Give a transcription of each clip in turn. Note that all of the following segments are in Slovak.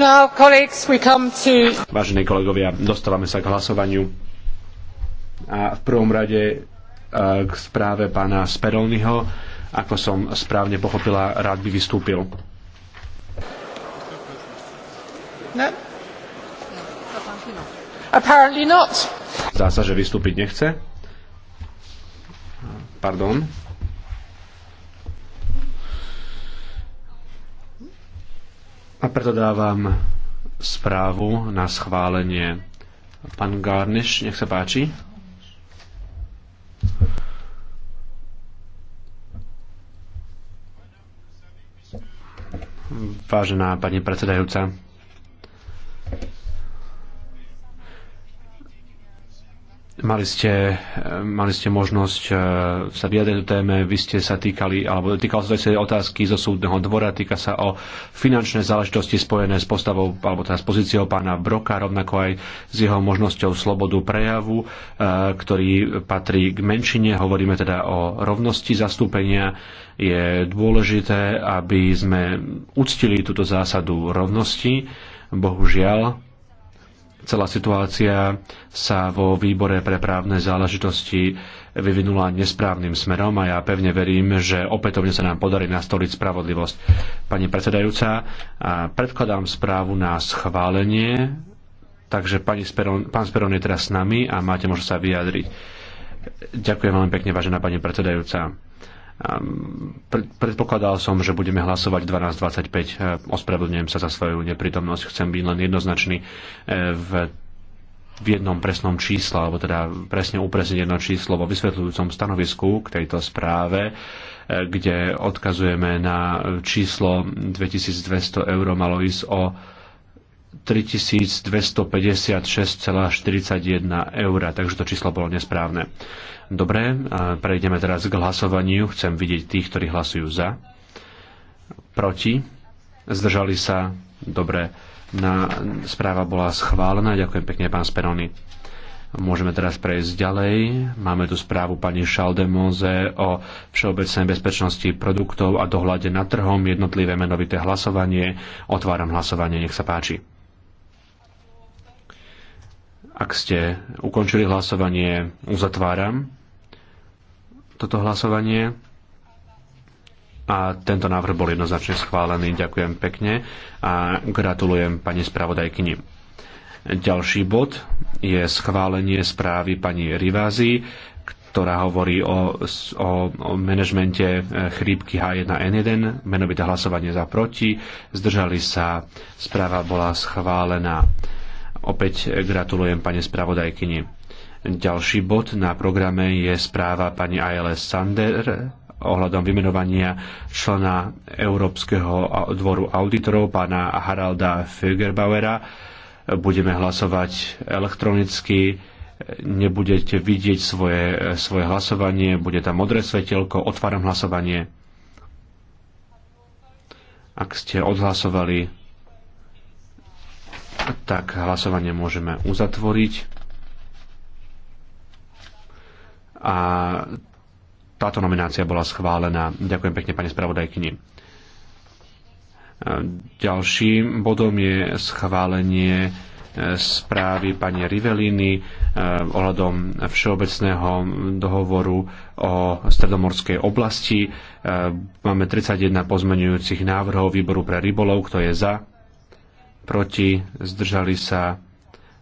Now, to... Vážení kolegovia, dostávame sa k hlasovaniu. A v prvom rade e, k správe pána Sperolnyho. Ako som správne pochopila, rád by vystúpil. No. Zdá sa, že vystúpiť nechce. Pardon. Preto dávam správu na schválenie. Pán Garniš, nech sa páči. Vážená pani predsedajúca, Mali ste, mali ste možnosť e, sa vyjadriť do téme, vy ste sa týkali, alebo týkali sa otázky zo súdneho dvora, týka sa o finančné záležitosti spojené s postavou, alebo teda s pozíciou pána Broka, rovnako aj s jeho možnosťou slobodu prejavu, e, ktorý patrí k menšine, hovoríme teda o rovnosti zastúpenia. Je dôležité, aby sme uctili túto zásadu rovnosti. Bohužiaľ, Celá situácia sa vo výbore pre právne záležitosti vyvinula nesprávnym smerom a ja pevne verím, že opätovne sa nám podarí nastoliť spravodlivosť. Pani predsedajúca, predkladám správu na schválenie, takže pani Speron, pán Speron je teraz s nami a máte možnosť sa vyjadriť. Ďakujem veľmi pekne, vážená pani predsedajúca. Ehm, predpokladal som, že budeme hlasovať 12.25. Ehm, ospravedlňujem sa za svoju neprítomnosť. Chcem byť len jednoznačný ehm, v v jednom presnom čísle, alebo teda presne upresniť jedno číslo vo vysvetľujúcom stanovisku k tejto správe, kde odkazujeme na číslo 2200 eur malo ísť o 3256,41 eur, takže to číslo bolo nesprávne. Dobre, prejdeme teraz k hlasovaniu. Chcem vidieť tých, ktorí hlasujú za, proti, zdržali sa, dobre, na, správa bola schválená. Ďakujem pekne, pán Speroni. Môžeme teraz prejsť ďalej. Máme tu správu pani Šaldemoze o všeobecnej bezpečnosti produktov a dohľade na trhom, jednotlivé menovité hlasovanie. Otváram hlasovanie, nech sa páči. Ak ste ukončili hlasovanie, uzatváram toto hlasovanie. A tento návrh bol jednoznačne schválený. Ďakujem pekne a gratulujem pani spravodajkyni. Ďalší bod je schválenie správy pani Rivázy, ktorá hovorí o, o, o manažmente e, chrípky H1N1, menovité hlasovanie za proti. Zdržali sa, správa bola schválená. Opäť gratulujem pani spravodajkyni. Ďalší bod na programe je správa pani ALS Sander ohľadom vymenovania člena Európskeho dvoru auditorov pána Haralda Fögerbauera. Budeme hlasovať elektronicky, nebudete vidieť svoje, svoje hlasovanie, bude tam modré svetelko, otváram hlasovanie. Ak ste odhlasovali, tak hlasovanie môžeme uzatvoriť. A táto nominácia bola schválená. Ďakujem pekne pani spravodajkyni. E, ďalším bodom je schválenie e, správy pani Rivelini e, ohľadom všeobecného dohovoru o stredomorskej oblasti. Máme 31 pozmenujúcich návrhov výboru pre rybolov, kto je za, proti, zdržali sa,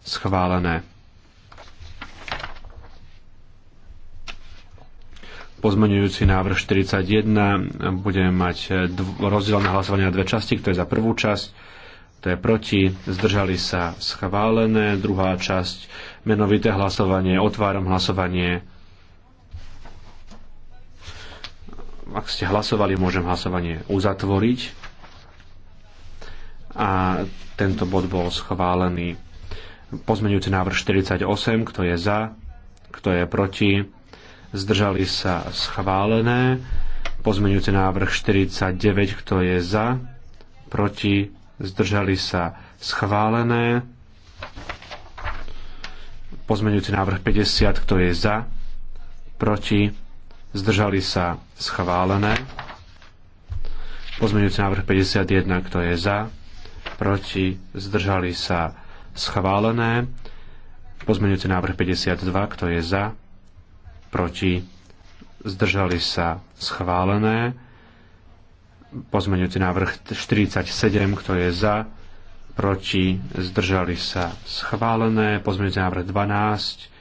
schválené. Pozmenujúci návrh 41 budeme mať rozdielne hlasovanie na dve časti, kto je za prvú časť, to je proti, zdržali sa schválené. Druhá časť, menovité hlasovanie, otváram hlasovanie. Ak ste hlasovali, môžem hlasovanie uzatvoriť a tento bod bol schválený. Pozmeňujúci návrh 48, kto je za, kto je proti, zdržali sa schválené. Pozmeňujúci návrh 49, kto je za, proti, zdržali sa schválené. Pozmeňujúci návrh 50, kto je za, proti, zdržali sa schválené. Pozmeňujúci návrh 51, kto je za, proti, zdržali sa schválené. Pozmeňujúci návrh 52, kto je za, proti, zdržali sa schválené. Pozmeňujúci návrh 47, kto je za, proti, zdržali sa schválené. Pozmeňujúci návrh 12,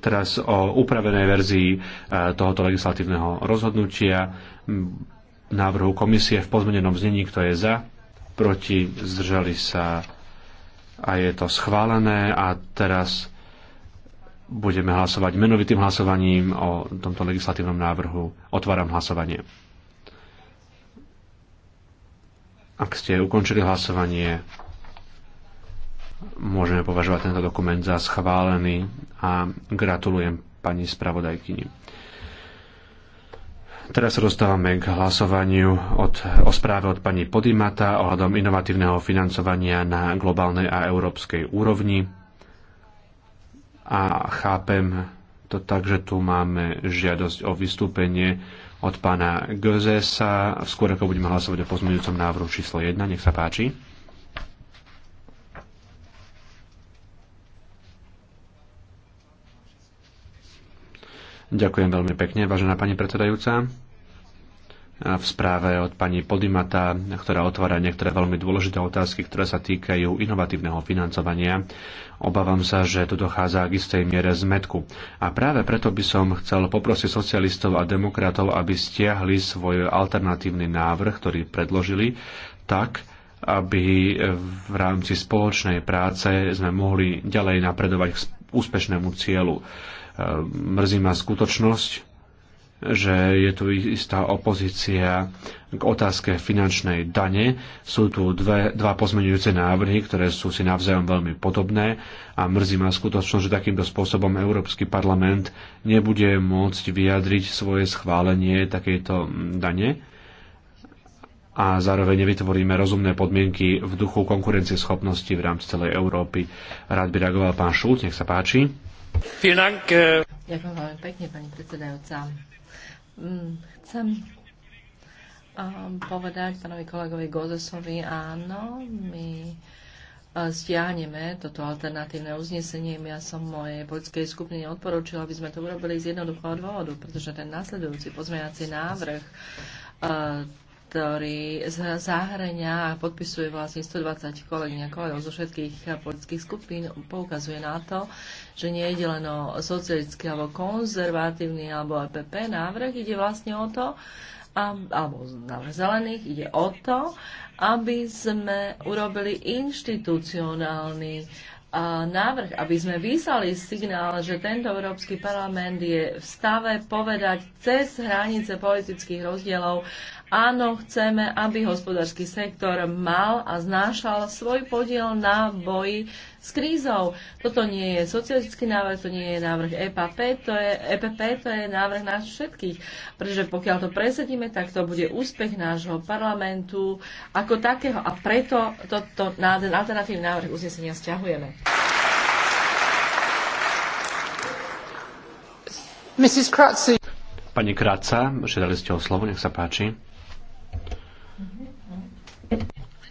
teraz o upravenej verzii e, tohoto legislatívneho rozhodnutia návrhu komisie v pozmenenom znení, kto je za, proti, zdržali sa a je to schválené a teraz budeme hlasovať menovitým hlasovaním o tomto legislatívnom návrhu. Otváram hlasovanie. Ak ste ukončili hlasovanie, môžeme považovať tento dokument za schválený a gratulujem pani spravodajkyni. Teraz sa dostávame k hlasovaniu od, o správe od pani Podimata ohľadom inovatívneho financovania na globálnej a európskej úrovni. A chápem to tak, že tu máme žiadosť o vystúpenie od pána Gözesa. Skôr ako budeme hlasovať o pozmeňujúcom návrhu číslo 1, nech sa páči. Ďakujem veľmi pekne, vážená pani predsedajúca. V správe od pani Podimata, ktorá otvára niektoré veľmi dôležité otázky, ktoré sa týkajú inovatívneho financovania, obávam sa, že tu dochádza k istej miere zmetku. A práve preto by som chcel poprosiť socialistov a demokratov, aby stiahli svoj alternatívny návrh, ktorý predložili, tak, aby v rámci spoločnej práce sme mohli ďalej napredovať k úspešnému cieľu. Mrzí ma skutočnosť, že je tu istá opozícia k otázke finančnej dane. Sú tu dve, dva pozmenujúce návrhy, ktoré sú si navzájom veľmi podobné a mrzí ma skutočnosť, že takýmto spôsobom Európsky parlament nebude môcť vyjadriť svoje schválenie takejto dane a zároveň nevytvoríme rozumné podmienky v duchu konkurencieschopnosti v rámci celej Európy. Rád by reagoval pán Šult, nech sa páči. Äh, Ďakujem veľmi pekne, pani predsedajúca. Mm, chcem um, povedať pánovi kolegovi Gozesovi, áno, my e, stiahneme toto alternatívne uznesenie. Ja som mojej poľskej skupine odporúčila, aby sme to urobili z jednoduchého dôvodu, pretože ten nasledujúci pozmeňací návrh e, ktorý zahrania a podpisuje vlastne 120 kolegyň a kolegov zo všetkých politických skupín, poukazuje na to, že nie je len o socialistický alebo konzervatívny alebo EPP návrh, ide vlastne o to, alebo návrh zelených, ide o to, aby sme urobili inštitucionálny návrh, aby sme vyslali signál, že tento Európsky parlament je v stave povedať cez hranice politických rozdielov Áno, chceme, aby hospodársky sektor mal a znášal svoj podiel na boji s krízou. Toto nie je socialistický návrh, to nie je návrh EPP, to je, EPP, to je návrh nás všetkých. Pretože pokiaľ to presedíme, tak to bude úspech nášho parlamentu ako takého. A preto toto, na ten alternatívny návrh uznesenia stiahujeme. Mrs. Pani Kráca, žiadali ste o slovo, nech sa páči.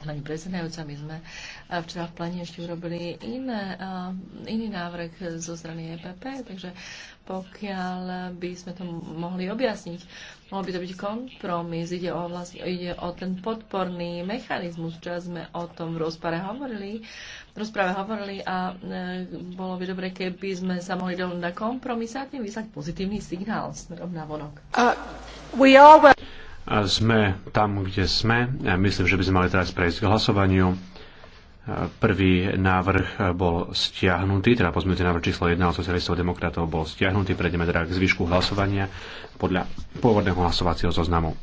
Pani predsedajúca, my sme eh, včera v plane ešte urobili iné, eh, iný návrh zo strany EPP, takže pokiaľ by sme to mohli objasniť, mohol by to byť kompromis, ide o, vlast, ide o ten podporný mechanizmus, čo sme o tom v rozpare hovorili, v rozprave hovorili a e, bolo by dobre, keby sme sa mohli dohodnúť na kompromis a tým vyslať pozitívny signál smerom na vonok. Uh, we all were... Sme tam, kde sme. Myslím, že by sme mali teraz prejsť k hlasovaniu. Prvý návrh bol stiahnutý, teda pozmeňujúci návrh číslo 1 od socialistov demokratov bol stiahnutý. Prejdeme teda k zvyšku hlasovania podľa pôvodného hlasovacieho zoznamu.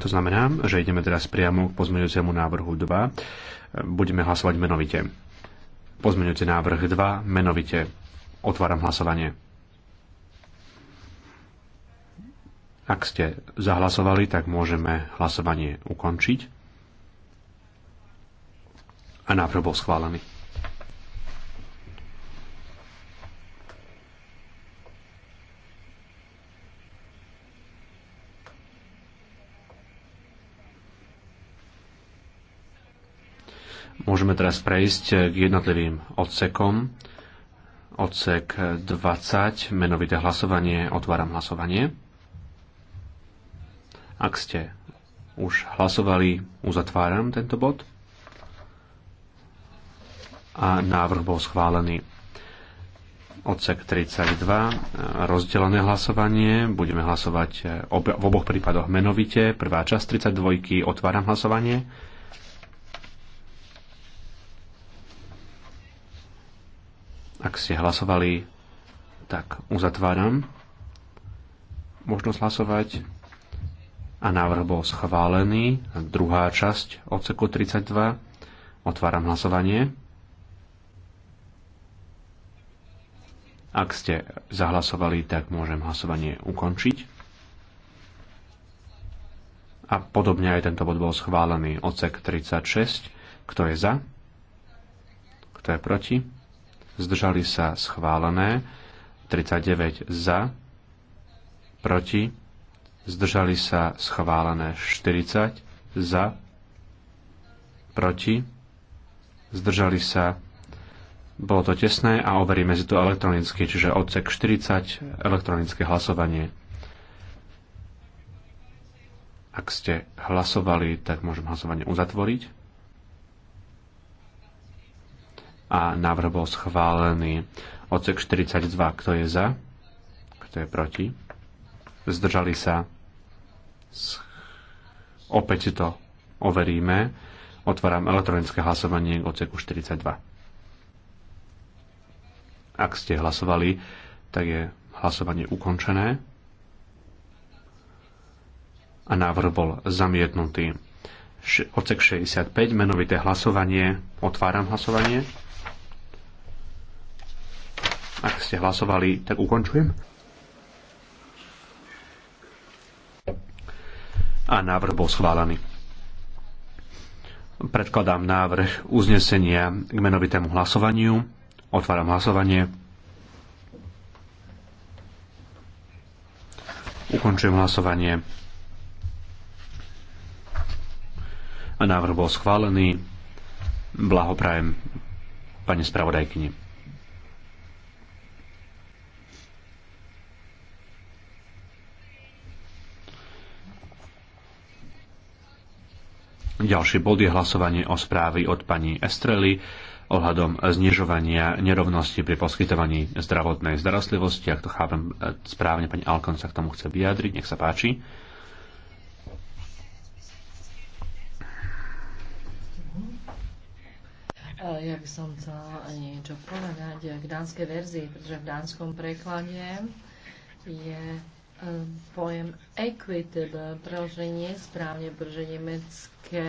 To znamená, že ideme teraz priamo k pozmeňujúcemu návrhu 2. Budeme hlasovať menovite. Pozmeňujúci návrh 2 menovite. Otváram hlasovanie. Ak ste zahlasovali, tak môžeme hlasovanie ukončiť. A návrh bol schválený. Môžeme teraz prejsť k jednotlivým odsekom. Odsek 20, menovité hlasovanie, otváram hlasovanie. Ak ste už hlasovali, uzatváram tento bod. A návrh bol schválený. Odsek 32, rozdelené hlasovanie. Budeme hlasovať eh, ob- v oboch prípadoch menovite. Prvá časť 32, otváram hlasovanie. Ak ste hlasovali, tak uzatváram možnosť hlasovať a návrh bol schválený. Druhá časť odseku 32. Otváram hlasovanie. Ak ste zahlasovali, tak môžem hlasovanie ukončiť. A podobne aj tento bod bol schválený. Odsek 36. Kto je za? Kto je proti? Zdržali sa schválené. 39 za, proti zdržali sa schválené 40 za, proti, zdržali sa, bolo to tesné a overíme si to elektronicky, čiže odsek 40, elektronické hlasovanie. Ak ste hlasovali, tak môžem hlasovanie uzatvoriť. A návrh bol schválený. Odsek 42, kto je za? Kto je proti? Zdržali sa Opäť si to overíme. Otváram elektronické hlasovanie k odseku 42. Ak ste hlasovali, tak je hlasovanie ukončené a návrh bol zamietnutý. Odsek 65, menovité hlasovanie. Otváram hlasovanie. Ak ste hlasovali, tak ukončujem. a návrh bol schválený. Predkladám návrh uznesenia k menovitému hlasovaniu. Otváram hlasovanie. Ukončujem hlasovanie. A návrh bol schválený. Blahoprajem pani spravodajkyni. Ďalší bod je hlasovanie o správy od pani Estrely ohľadom znižovania nerovnosti pri poskytovaní zdravotnej starostlivosti. Ak to chápem e, správne, pani Alkon sa k tomu chce vyjadriť. Nech sa páči. E, ja by som chcela niečo povedať e, k dánskej verzii, pretože v dánskom preklade je pojem equitable, preloženie správne, pretože nemecké,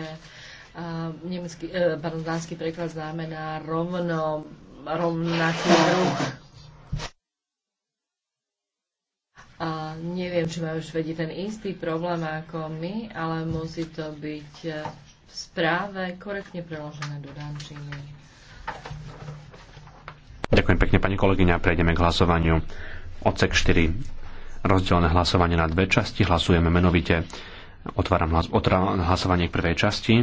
uh, e, nemecký, uh, pardon, dánsky preklad znamená rovno, rovnaký druh. A neviem, či majú Švedi ten istý problém ako my, ale musí to byť e, v správe korektne preložené do dánčiny. Ďakujem pekne, pani kolegyňa. Prejdeme k hlasovaniu. Odsek 4 rozdelené hlasovanie na dve časti. Hlasujeme menovite. Otváram hlas, otra, hlasovanie k prvej časti.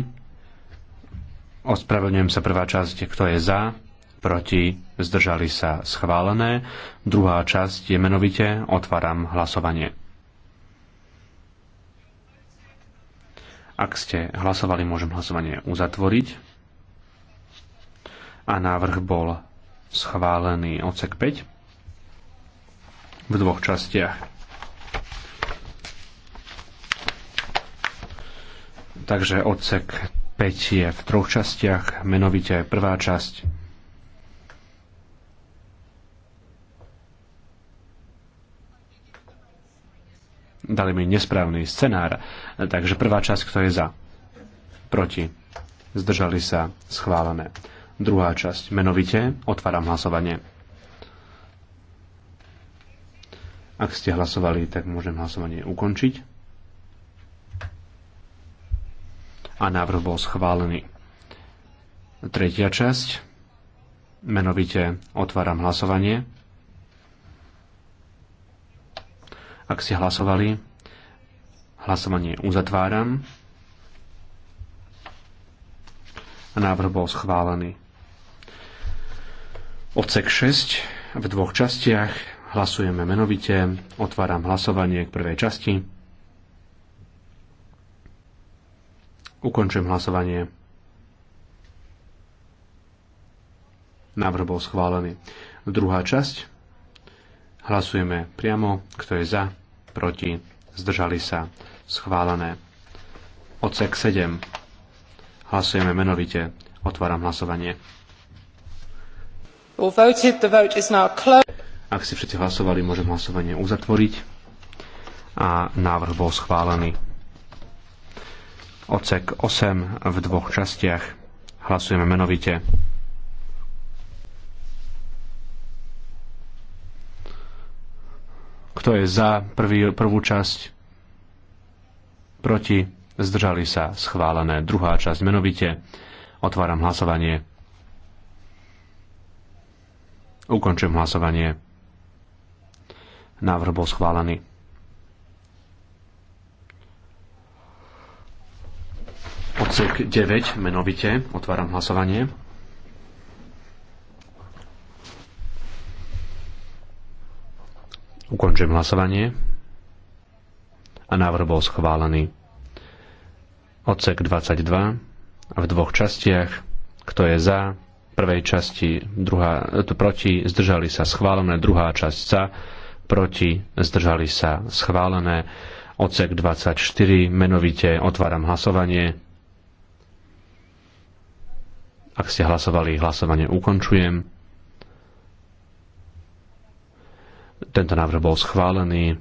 Ospravedlňujem sa prvá časť, kto je za, proti, zdržali sa schválené. Druhá časť je menovite, otváram hlasovanie. Ak ste hlasovali, môžem hlasovanie uzatvoriť. A návrh bol schválený odsek 5 v dvoch častiach. Takže odsek 5 je v troch častiach, menovite prvá časť. Dali mi nesprávny scenár. Takže prvá časť, kto je za? Proti. Zdržali sa schválené. Druhá časť, menovite, otváram hlasovanie. Ak ste hlasovali, tak môžem hlasovanie ukončiť. a návrh bol schválený. Tretia časť. Menovite otváram hlasovanie. Ak ste hlasovali, hlasovanie uzatváram. A návrh bol schválený. Odsek 6 v dvoch častiach. Hlasujeme menovite. Otváram hlasovanie k prvej časti. Ukončujem hlasovanie. Návrh bol schválený. Druhá časť. Hlasujeme priamo, kto je za, proti, zdržali sa, schválené. Odsek 7. Hlasujeme menovite. Otváram hlasovanie. Ak si všetci hlasovali, môžem hlasovanie uzatvoriť. A návrh bol schválený. Ocek 8 v dvoch častiach. Hlasujeme menovite. Kto je za prvý, prvú časť? Proti? Zdržali sa schválené. Druhá časť menovite. Otváram hlasovanie. Ukončujem hlasovanie. Návrh bol schválený. Odsek 9, menovite. Otváram hlasovanie. Ukončujem hlasovanie. A návrh bol schválený. Odsek 22 v dvoch častiach. Kto je za? Prvej časti druhá, e, proti, zdržali sa schválené. Druhá časť za, proti, zdržali sa schválené. Odsek 24, menovite otváram hlasovanie. Ak ste hlasovali, hlasovanie ukončujem. Tento návrh bol schválený.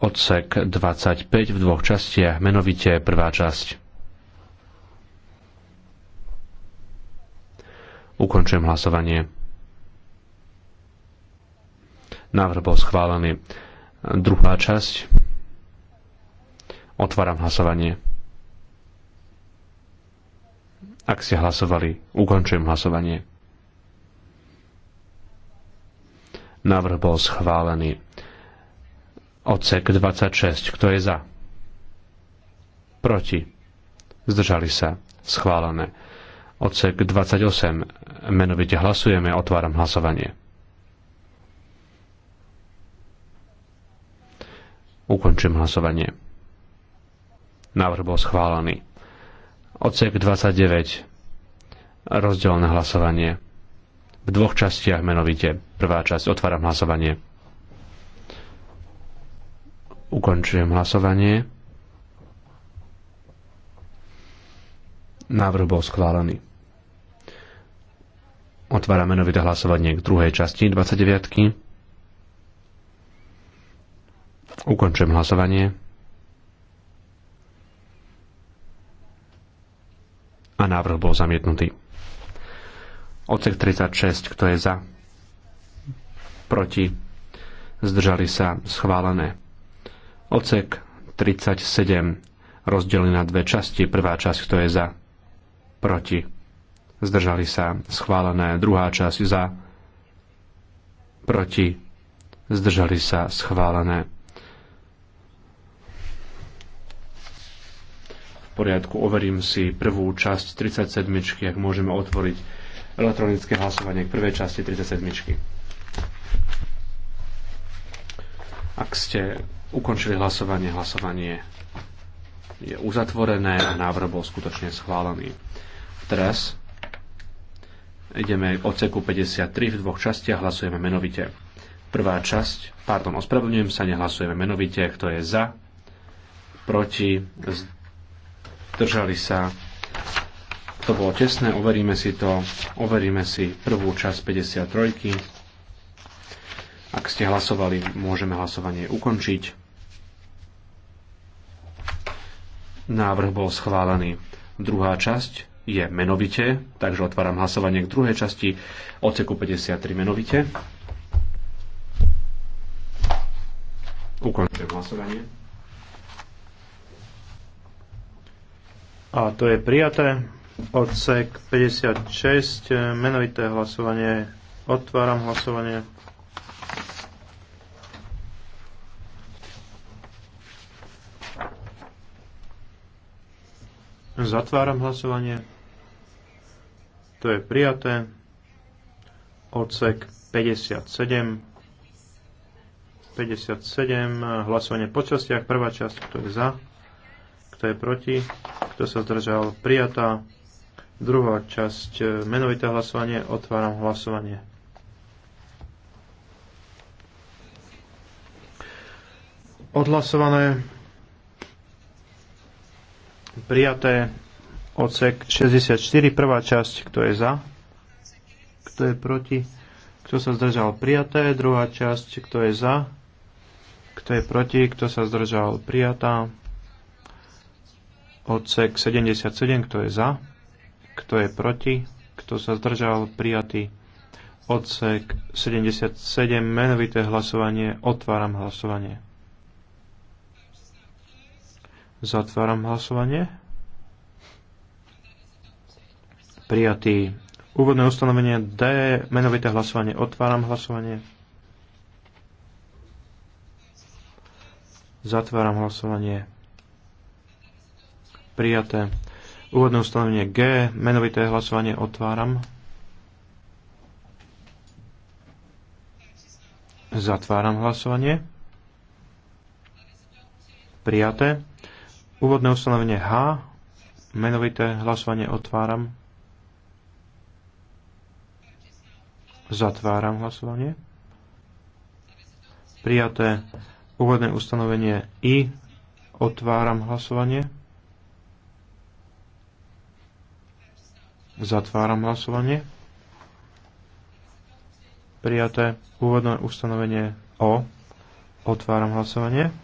Odsek 25 v dvoch častiach, menovite prvá časť. Ukončujem hlasovanie. Návrh bol schválený. Druhá časť. Otváram hlasovanie. Ak ste hlasovali, ukončujem hlasovanie. Návrh bol schválený. Odsek 26. Kto je za? Proti. Zdržali sa. Schválené. Odsek 28. Menovite hlasujeme. Otváram hlasovanie. Ukončím hlasovanie. Návrh bol schválený. Odsek 29. rozdelené hlasovanie. V dvoch častiach menovite. Prvá časť. Otváram hlasovanie. Ukončujem hlasovanie. Návrh bol schválený. Otváram menovité hlasovanie k druhej časti 29. Ukončujem hlasovanie. a návrh bol zamietnutý. Odsek 36, kto je za? Proti? Zdržali sa schválené. Odsek 37, rozdelený na dve časti. Prvá časť, kto je za? Proti? Zdržali sa schválené. Druhá časť za? Proti? Zdržali sa schválené poriadku, overím si prvú časť 37, ak môžeme otvoriť elektronické hlasovanie k prvej časti 37. Ak ste ukončili hlasovanie, hlasovanie je uzatvorené a návrh bol skutočne schválený. Teraz ideme k odseku 53 v dvoch častiach, hlasujeme menovite. Prvá časť, pardon, ospravedlňujem sa, nehlasujeme menovite, kto je za, proti, Držali sa. To bolo tesné, overíme si to. Overíme si prvú časť 53. Ak ste hlasovali, môžeme hlasovanie ukončiť. Návrh bol schválený. Druhá časť je menovite, takže otváram hlasovanie k druhej časti odseku 53 menovite. Ukončujem hlasovanie. A to je prijaté. Odsek 56, eh, menovité hlasovanie. Otváram hlasovanie. Zatváram hlasovanie. To je prijaté. Odsek 57. 57. Eh, hlasovanie po častiach. Prvá časť, kto je za kto je proti, kto sa zdržal, prijatá. Druhá časť, e, menovité hlasovanie, otváram hlasovanie. Odhlasované, prijaté, odsek 64, prvá časť, kto je za, kto je proti, kto sa zdržal, prijaté, druhá časť, kto je za, kto je proti, kto sa zdržal, prijatá. Odsek 77, kto je za, kto je proti, kto sa zdržal, prijatý. Odsek 77, menovité hlasovanie, otváram hlasovanie. Zatváram hlasovanie. Prijatý. Úvodné ustanovenie D, menovité hlasovanie, otváram hlasovanie. Zatváram hlasovanie prijaté. Úvodné ustanovenie G, menovité hlasovanie otváram. Zatváram hlasovanie. Prijaté. Úvodné ustanovenie H, menovité hlasovanie otváram. Zatváram hlasovanie. Prijaté úvodné ustanovenie I. Otváram hlasovanie. Zatváram hlasovanie. Prijaté úvodné ustanovenie O. Otváram hlasovanie.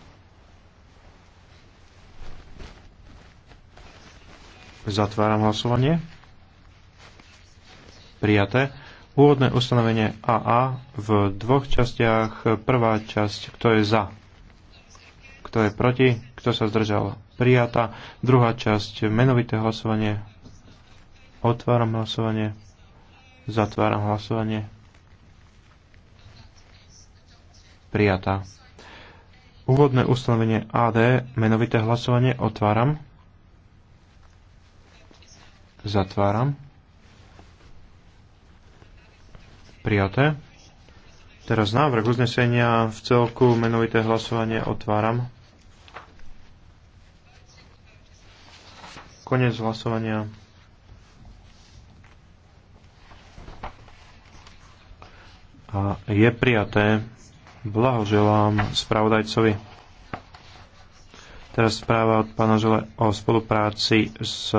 Zatváram hlasovanie. Prijaté. Úvodné ustanovenie AA v dvoch častiach. Prvá časť, kto je za, kto je proti, kto sa zdržal. Prijatá. Druhá časť, menovité hlasovanie. Otváram hlasovanie. Zatváram hlasovanie. Prijatá. Úvodné ustanovenie AD, menovité hlasovanie, otváram. Zatváram. Prijaté. Teraz návrh uznesenia v celku, menovité hlasovanie, otváram. Konec hlasovania. a je prijaté. Blahoželám spravodajcovi. Teraz správa od pána Žele o spolupráci s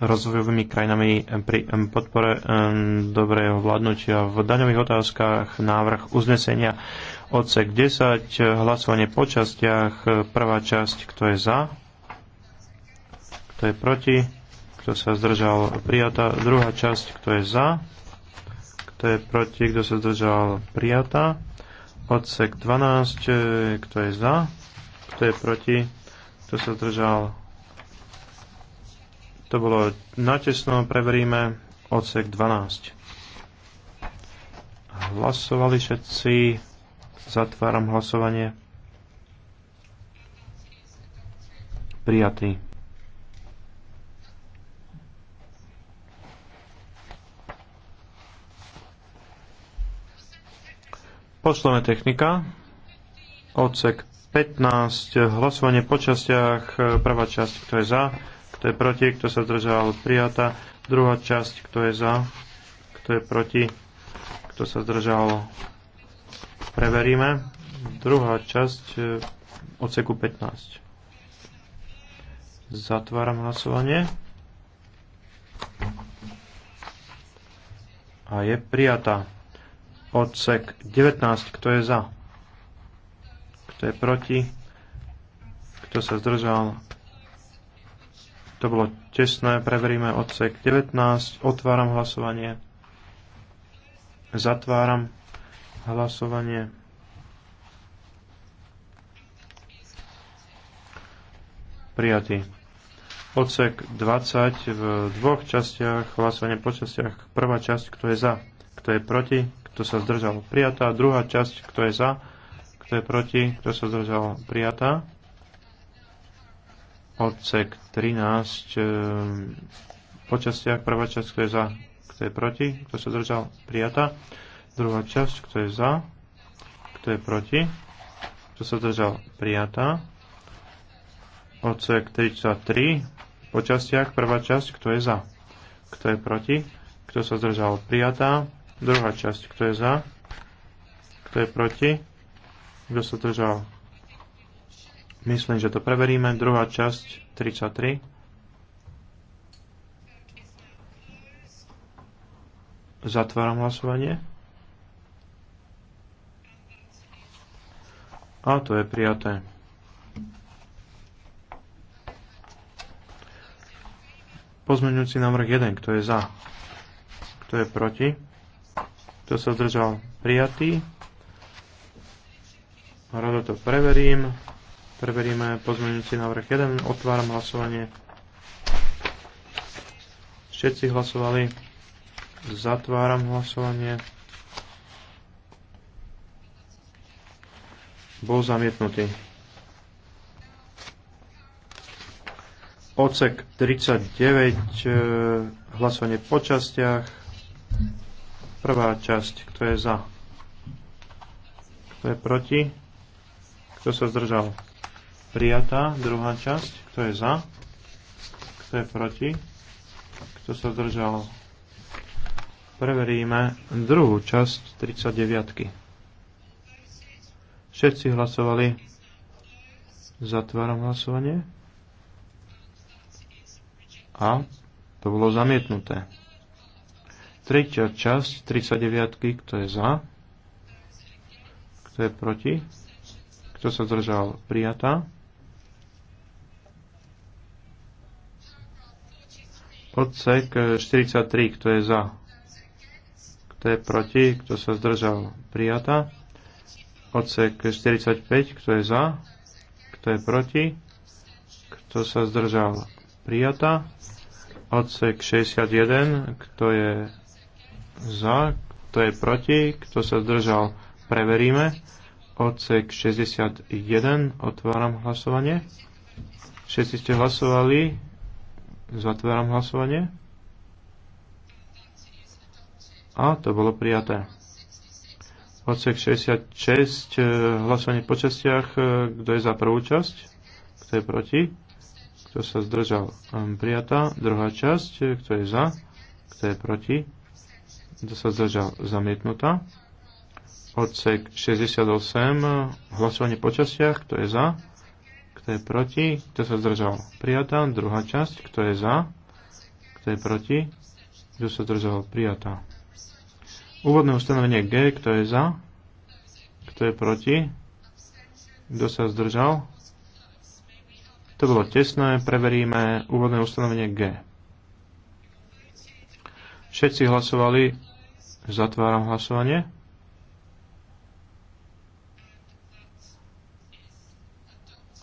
rozvojovými krajinami pri podpore dobrého vládnutia v daňových otázkach, návrh uznesenia odsek 10, hlasovanie po častiach, prvá časť, kto je za, kto je proti, kto sa zdržal prijatá, druhá časť, kto je za, kto je proti, kto sa zdržal, prijatá. Odsek 12, e, kto je za, kto je proti, kto sa zdržal, to bolo natesno, preveríme odsek 12. Hlasovali všetci, zatváram hlasovanie. Prijatý. Pošleme technika. Odsek 15. Hlasovanie po častiach. Prvá časť, kto je za, kto je proti, kto sa zdržal, prijatá. Druhá časť, kto je za, kto je proti, kto sa zdržal, preveríme. Druhá časť e, odseku 15. Zatváram hlasovanie. A je prijatá odsek 19. Kto je za? Kto je proti? Kto sa zdržal? To bolo tesné. Preveríme odsek 19. Otváram hlasovanie. Zatváram hlasovanie. Prijatý. Odsek 20 v dvoch častiach, hlasovanie po častiach. Prvá časť, kto je za, kto je proti, kto sa zdržal, prijatá. Druhá časť, kto je za, kto je proti, kto sa zdržal, prijatá. Odsek 13, ehm, po častiach, prvá časť, kto je za, kto je proti, kto sa zdržal, prijatá. Druhá časť, kto je za, kto je proti, kto sa zdržal, prijatá. Odsek 33, po častiach, prvá časť, kto je za, kto je proti, kto sa zdržal, prijatá. Druhá časť, kto je za? Kto je proti? Kto sa držal? Myslím, že to preveríme. Druhá časť, 33. Zatváram hlasovanie. A to je prijaté. Pozmeňujúci návrh 1. Kto je za? Kto je proti? Kto sa zdržal? Prijatý. Rado to preverím. Preveríme pozmeňujúci návrh 1. Otváram hlasovanie. Všetci hlasovali. Zatváram hlasovanie. Bol zamietnutý. Ocek 39, e, hlasovanie po častiach Prvá časť, kto je za? Kto je proti? Kto sa zdržal? Prijatá. Druhá časť, kto je za? Kto je proti? Kto sa zdržal? Preveríme druhú časť 39. Všetci hlasovali. Zatváram hlasovanie. A to bolo zamietnuté. Tretia časť 39, kto je za, kto je proti, kto sa zdržal, prijatá. Odsek 43, eh, kto je za, kto je proti, kto sa zdržal, prijatá. Odsek 45, eh, kto je za, kto je proti, kto sa zdržal, prijatá. Odsek 61, kto je za, kto je proti, kto sa zdržal, preveríme. Odsek 61, otváram hlasovanie. Všetci ste hlasovali, zatváram hlasovanie. A to bolo prijaté. Odsek 66, e, hlasovanie po častiach, e, kto je za prvú časť, kto je proti, kto sa zdržal, prijatá. Druhá časť, e, kto je za, kto je proti, kto sa zdržal, zamietnutá. Odsek 68, hlasovanie po častiach, kto je za, kto je proti, kto sa zdržal, prijatá. Druhá časť, kto je za, kto je proti, kto sa zdržal, prijatá. Úvodné ustanovenie G, kto je za, kto je proti, kto sa zdržal. To bolo tesné, preveríme úvodné ustanovenie G. Všetci hlasovali, Zatváram hlasovanie.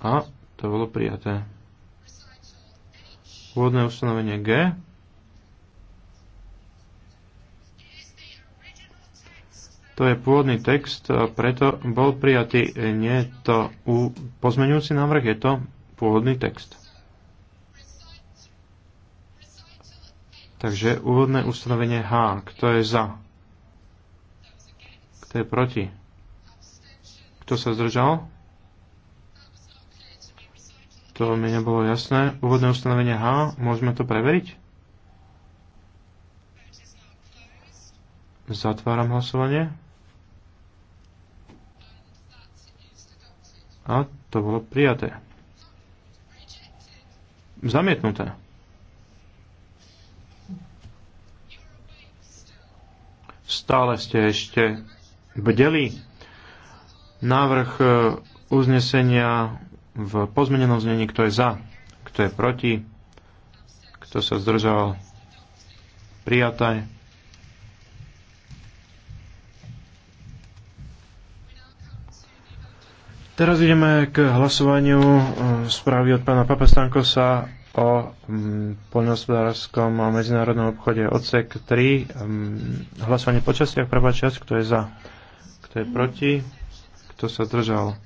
A to bolo prijaté. pôvodné ustanovenie G. To je pôvodný text, preto bol prijatý. Nie to u pozmeňujúci návrh, je to pôvodný text. Takže úvodné ustanovenie H. Kto je za? Kto je proti? Kto sa zdržal? To mi nebolo jasné. Úvodné ustanovenie H. Môžeme to preveriť? Zatváram hlasovanie. A to bolo prijaté. Zamietnuté. Stále ste ešte bdeli. Návrh e, uznesenia v pozmenenom znení, kto je za, kto je proti, kto sa zdržal, je. Teraz ideme k hlasovaniu e, správy od pána Papa Stankosa o mm, poľnohospodárskom a medzinárodnom obchode odsek 3. Mm, hlasovanie po častiach, prvá časť, kto je za, kto je proti? Kto sa zdržal?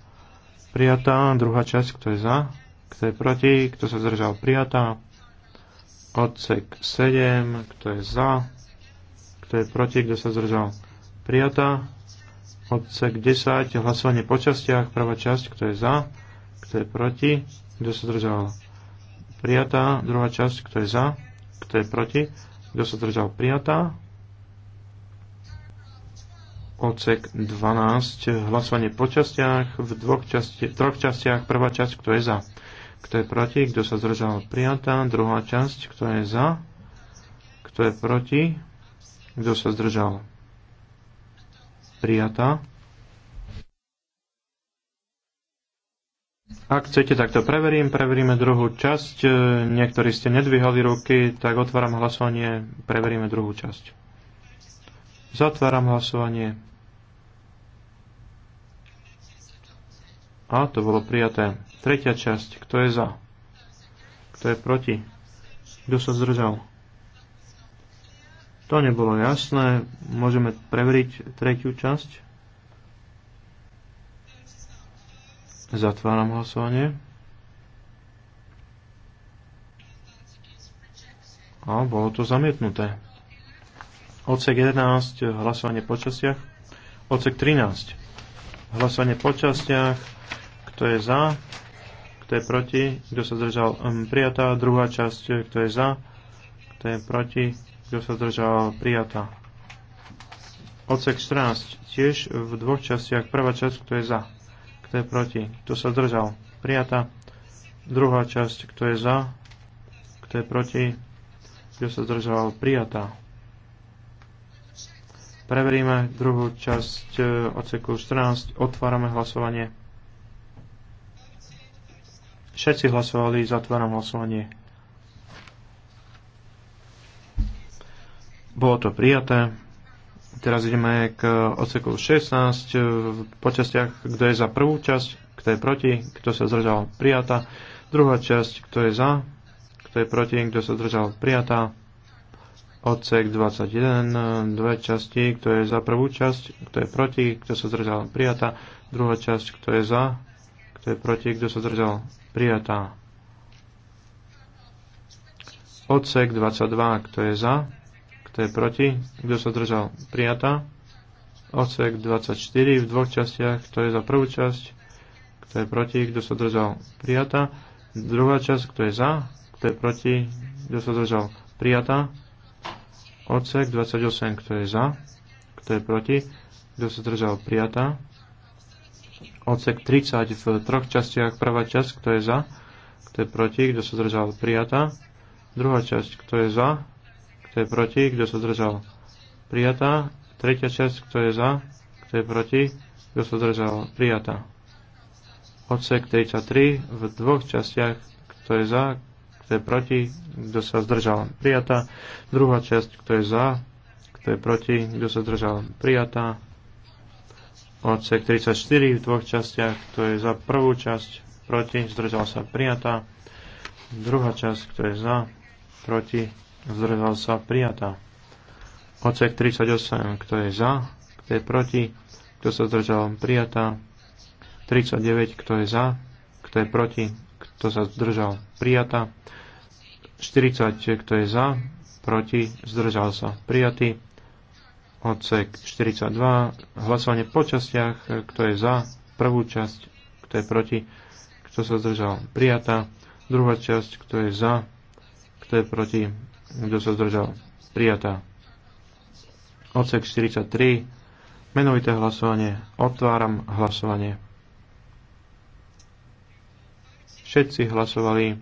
Prijatá. Druhá časť. Kto je za? Kto je proti? Kto sa zdržal? Prijatá. Odsek 7. Kto je za? Kto je proti? Kto sa zdržal? Prijatá. Odsek 10. Hlasovanie po častiach. Prvá časť. Kto je za? Kto je proti? Kto sa zdržal? Prijatá. Druhá časť. Kto je za? Kto je proti? Kto sa zdržal? Prijatá odsek 12, hlasovanie po častiach, v dvoch časti, troch častiach, prvá časť, kto je za, kto je proti, kto sa zdržal prijatá, druhá časť, kto je za, kto je proti, kto sa zdržal prijatá. Ak chcete, tak to preverím. Preveríme druhú časť. Niektorí ste nedvihali ruky, tak otváram hlasovanie. Preveríme druhú časť. Zatváram hlasovanie. A to bolo prijaté. Tretia časť. Kto je za? Kto je proti? Kto sa zdržal? To nebolo jasné. Môžeme preveriť tretiu časť. Zatváram hlasovanie. A bolo to zamietnuté. Odsek 11, hlasovanie po častiach. Odsek 13, hlasovanie po častiach kto je za, kto je proti, kto sa zdržal hm, prijatá, druhá časť, e, kto je za, kto je proti, kto sa zdržal prijatá. Odsek 14 tiež v dvoch častiach. Prvá časť, kto je za, kto je proti, kto sa zdržal prijatá. Druhá časť, kto je za, kto je proti, kto sa zdržal prijatá. Preveríme druhú časť e, odseku 14. Otvárame hlasovanie. Všetci hlasovali, zatváram hlasovanie. Bolo to prijaté. Teraz ideme k odseku 16 po častiach, kto je za prvú časť, kto je proti, kto sa zdržal, prijatá. Druhá časť, kto je za, kto je proti, kto sa zdržal, prijatá. Odsek 21, dve časti, kto je za prvú časť, kto je proti, kto sa zdržal, prijatá. Druhá časť, kto je za, kto je proti, kto sa zdržal, prijatá. Odsek 22, kto je za, kto je proti, kto sa držal, prijatá. Odsek 24 v dvoch častiach, kto je za prvú časť, kto je proti, kto sa držal, prijatá. Druhá časť, kto je za, kto je proti, kto sa držal, prijatá. Odsek 28, kto je za, kto je proti, kto sa držal, prijatá odsek 30 v troch častiach. Prvá časť, kto je za, kto je proti, kto sa zdržal, prijatá. Druhá časť, kto je za, kto je proti, kto sa zdržal, prijatá. Tretia časť, kto je za, kto je proti, kto sa zdržal, prijatá. Odsek 33 v dvoch častiach, kto je za, kto je proti, kto sa zdržal, prijatá. Druhá časť, kto je za, kto je proti, kto sa zdržal, prijatá odsek 34 v dvoch častiach, to je za prvú časť, proti, zdržal sa prijatá. Druhá časť, kto je za, proti, zdržal sa prijatá. Odsek 38, kto je za, kto je proti, kto sa zdržal prijatá. 39, kto je za, kto je proti, kto sa zdržal prijatá. 40, kto je za, proti, zdržal sa prijatý odsek 42, hlasovanie po častiach, kto je za prvú časť, kto je proti, kto sa zdržal, prijatá. Druhá časť, kto je za, kto je proti, kto sa zdržal, prijatá. Odsek 43, menovité hlasovanie, otváram hlasovanie. Všetci hlasovali,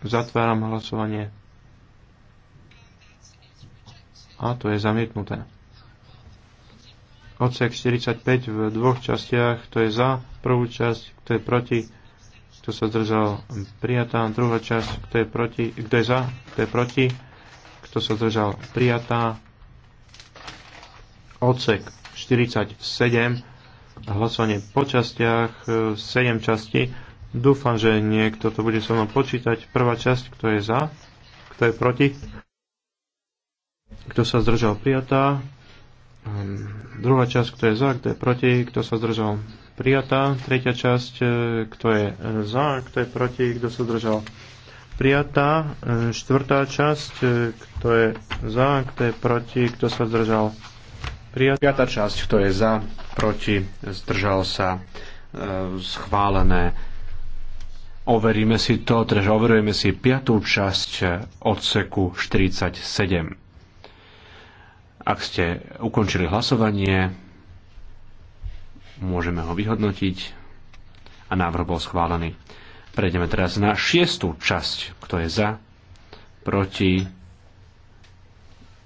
zatváram hlasovanie. A to je zamietnuté odsek 45 v dvoch častiach, to je za prvú časť, kto je proti, kto sa zdržal prijatá, druhá časť, kto je proti, kto je za, kto je proti, kto sa zdržal prijatá, odsek 47, hlasovanie po častiach, 7 e, časti. Dúfam, že niekto to bude so mnou počítať. Prvá časť, kto je za, kto je proti, kto sa zdržal prijatá, Hm, druhá časť, kto je za, kto je proti, kto sa zdržal. Prijatá. Tretia časť, e, kto je e, za, kto je proti, kto sa zdržal. Prijatá. E, štvrtá časť, kto je za, kto je proti, kto sa zdržal. Prijatá. Piatá časť, kto je za, proti, zdržal sa. schválené. Overíme si to, takže teda, overujeme si piatú časť odseku 47. Ak ste ukončili hlasovanie, môžeme ho vyhodnotiť a návrh bol schválený. Prejdeme teraz na šiestu časť. Kto je za? Proti?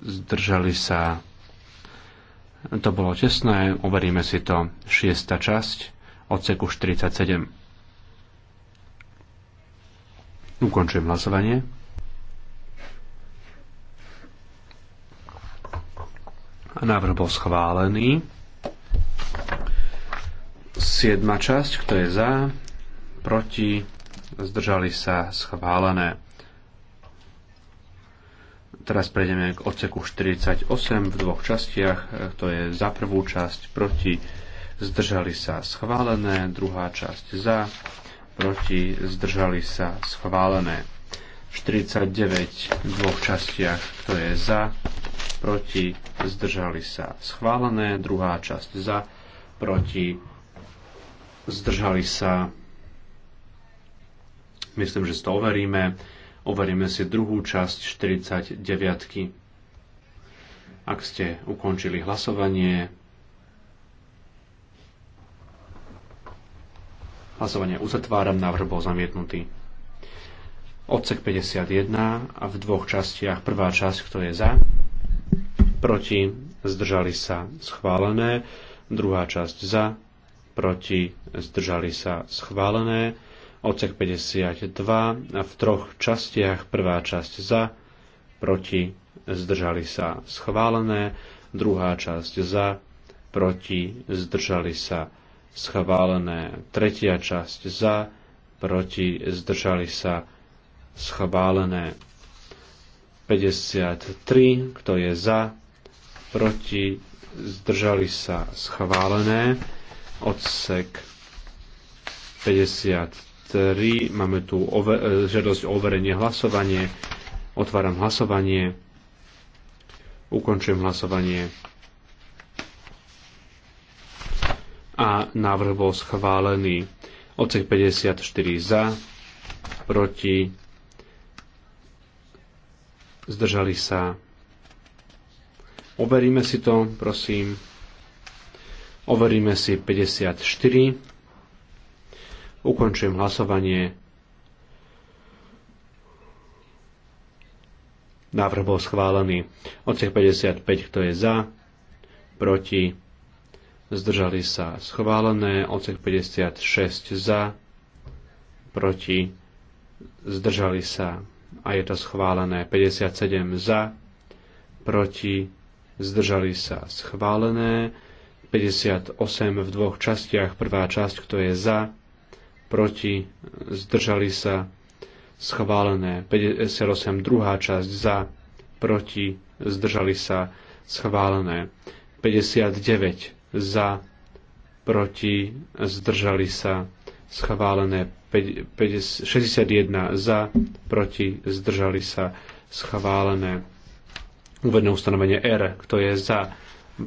Zdržali sa? To bolo tesné. Overíme si to. Šiesta časť odseku 47. Ukončujem hlasovanie. Návrh bol schválený. Siedma časť, kto je za, proti, zdržali sa schválené. Teraz prejdeme k odseku 48 v dvoch častiach. To je za prvú časť proti, zdržali sa schválené, druhá časť za, proti, zdržali sa schválené. 49 v dvoch častiach, kto je za, proti, zdržali sa schválené, druhá časť za, proti, zdržali sa, myslím, že si to overíme, overíme si druhú časť 49. Ak ste ukončili hlasovanie, hlasovanie uzatváram, návrh bol zamietnutý. Odsek 51 a v dvoch častiach. Prvá časť, kto je za, proti, zdržali sa schválené, druhá časť za, proti, zdržali sa schválené, odsek 52 a v troch častiach prvá časť za, proti, zdržali sa schválené, druhá časť za, proti, zdržali sa schválené, tretia časť za, proti, zdržali sa schválené 53, kto je za, proti, zdržali sa schválené. Odsek 53, máme tu over, e, žiadosť o overenie hlasovanie. Otváram hlasovanie. Ukončujem hlasovanie. A návrh bol schválený. Odsek 54 za, proti, zdržali sa Overíme si to, prosím. Overíme si 54. Ukončujem hlasovanie. Návrh bol schválený. Odsek 55, kto je za, proti, zdržali sa schválené. Odsek 56 za, proti, zdržali sa a je to schválené. 57 za, proti, zdržali sa schválené, 58 v dvoch častiach, prvá časť, kto je za, proti, zdržali sa schválené, 58 druhá časť za, proti, zdržali sa schválené, 59 za, proti, zdržali sa schválené 61 za, proti zdržali sa schválené Úvodné ustanovenie R. Kto je za?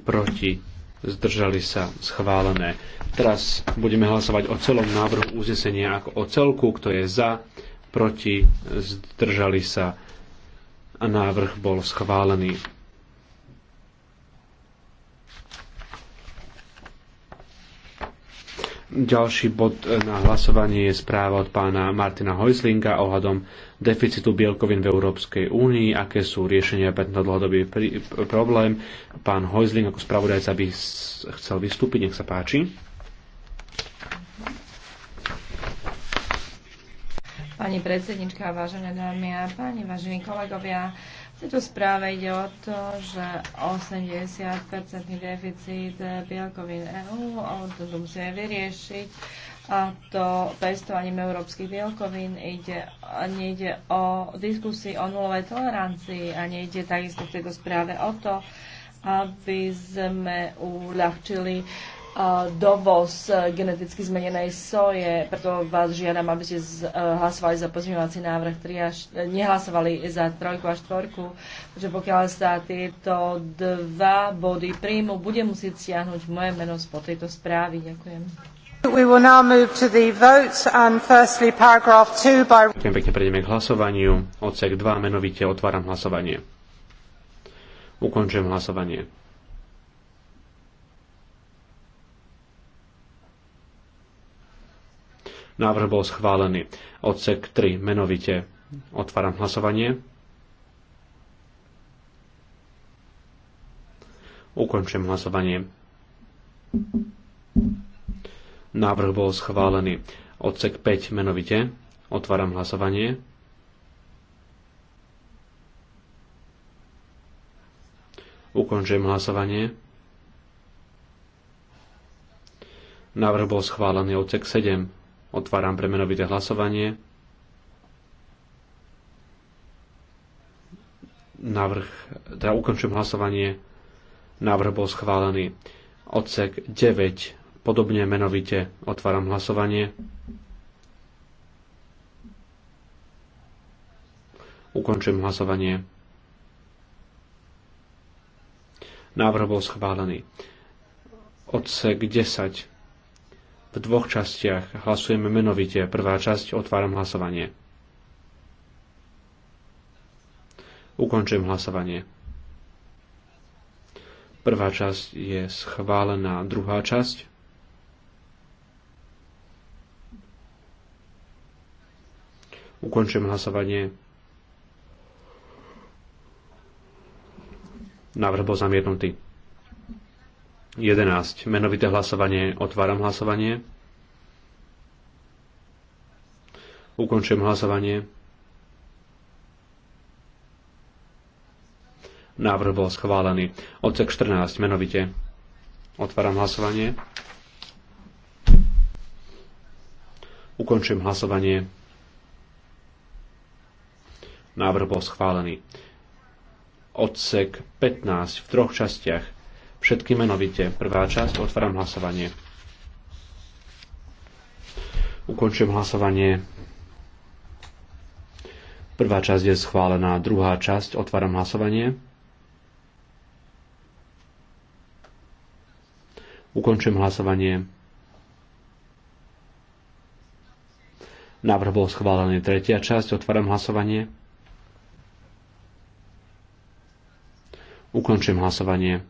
Proti? Zdržali sa? Schválené. Teraz budeme hlasovať o celom návrhu uznesenia ako o celku. Kto je za? Proti? Zdržali sa? A návrh bol schválený. Ďalší bod na hlasovanie je správa od pána Martina Hojslinga ohľadom deficitu bielkovín v Európskej únii, aké sú riešenia pre tento dlhodobý problém. Pán Hojzling ako spravodajca by chcel vystúpiť, nech sa páči. Pani predsednička, vážené dámy a páni, vážení kolegovia, v tejto správe ide o to, že 80-percentný deficit bielkovín EÚ musíme vyriešiť a to pestovaním európskych bielkovín ide, nejde o diskusii o nulovej tolerancii a nejde takisto v tejto správe o to, aby sme uľahčili uh, dovoz geneticky zmenenej soje. Preto vás žiadam, aby ste z, uh, hlasovali za pozmeňovací návrh 3 až, nehlasovali za trojku a štvorku, pretože pokiaľ sa tieto dva body príjmu, budem musieť stiahnuť moje meno spod tejto správy. Ďakujem. Ďakujem pekne, prejdeme k hlasovaniu. Odsek 2, menovite otváram hlasovanie. Ukončujem hlasovanie. Návrh bol schválený. Odsek 3, menovite. Otváram hlasovanie. Ukončujem hlasovanie. Návrh bol schválený. Odsek 5 menovite. Otváram hlasovanie. Ukončujem hlasovanie. Návrh bol schválený odsek 7. Otváram premenovité hlasovanie. Návrh, teda ukončujem hlasovanie. Návrh bol schválený. Odsek 9 Podobne menovite otváram hlasovanie. Ukončujem hlasovanie. Návrh bol schválený. Odsek 10. V dvoch častiach hlasujeme menovite. Prvá časť otváram hlasovanie. Ukončujem hlasovanie. Prvá časť je schválená. Druhá časť Ukončujem hlasovanie. Návrh bol zamietnutý. 11. Menovité hlasovanie. Otváram hlasovanie. Ukončujem hlasovanie. Návrh bol schválený. Odsek 14. Menovite. Otváram hlasovanie. Ukončujem hlasovanie. Návrh bol schválený. Odsek 15 v troch častiach. Všetky menovite. Prvá časť. Otváram hlasovanie. Ukončujem hlasovanie. Prvá časť je schválená. Druhá časť. Otváram hlasovanie. Ukončujem hlasovanie. Návrh bol schválený. Tretia časť. Otváram hlasovanie. Ukončím hlasovanie.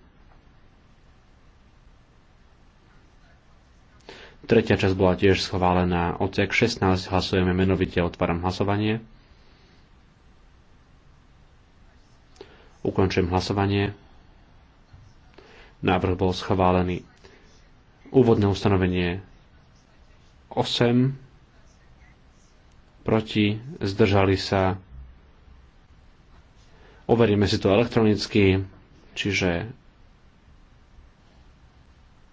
Tretia časť bola tiež schválená. Odsek 16 hlasujeme menovite. Otváram hlasovanie. Ukončím hlasovanie. Návrh bol schválený. Úvodné ustanovenie 8. Proti zdržali sa. Overíme si to elektronicky. Čiže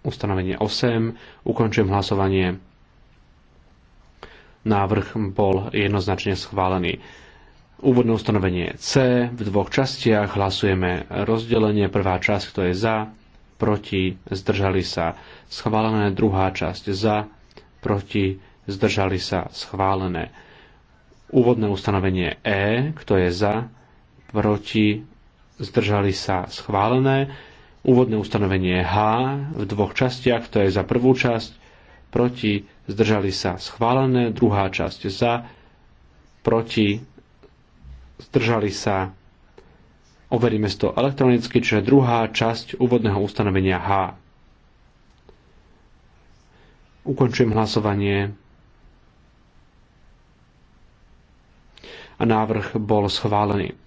ustanovenie 8, ukončujem hlasovanie. Návrh bol jednoznačne schválený. Úvodné ustanovenie C v dvoch častiach hlasujeme rozdelenie. Prvá časť, kto je za, proti, zdržali sa. Schválené druhá časť za, proti, zdržali sa. Schválené. Úvodné ustanovenie E, kto je za, proti, zdržali sa schválené. Úvodné ustanovenie H v dvoch častiach, to je za prvú časť, proti, zdržali sa schválené, druhá časť za, proti, zdržali sa, overíme to elektronicky, čiže druhá časť úvodného ustanovenia H. Ukončujem hlasovanie. A návrh bol schválený.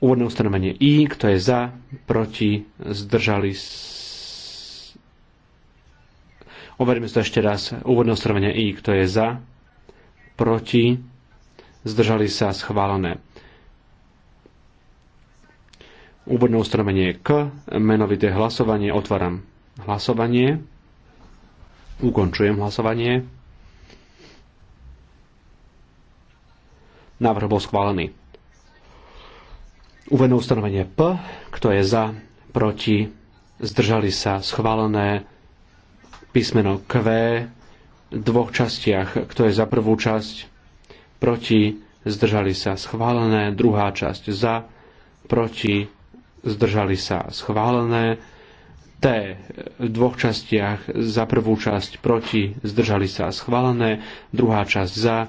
Úvodné ustanovenie I, kto je za, proti, zdržali s... Overíme to ešte raz. Úvodné ustanovenie I, kto je za, proti, zdržali sa, schválené. Úvodné ustanovenie K, menovité hlasovanie, otváram hlasovanie, ukončujem hlasovanie. Návrh bol schválený. Uvedené ustanovenie P, kto je za, proti, zdržali sa, schválené písmeno Q v dvoch častiach, kto je za prvú časť, proti, zdržali sa, schválené, druhá časť za, proti, zdržali sa, schválené, T v dvoch častiach za prvú časť proti, zdržali sa schválené, druhá časť za,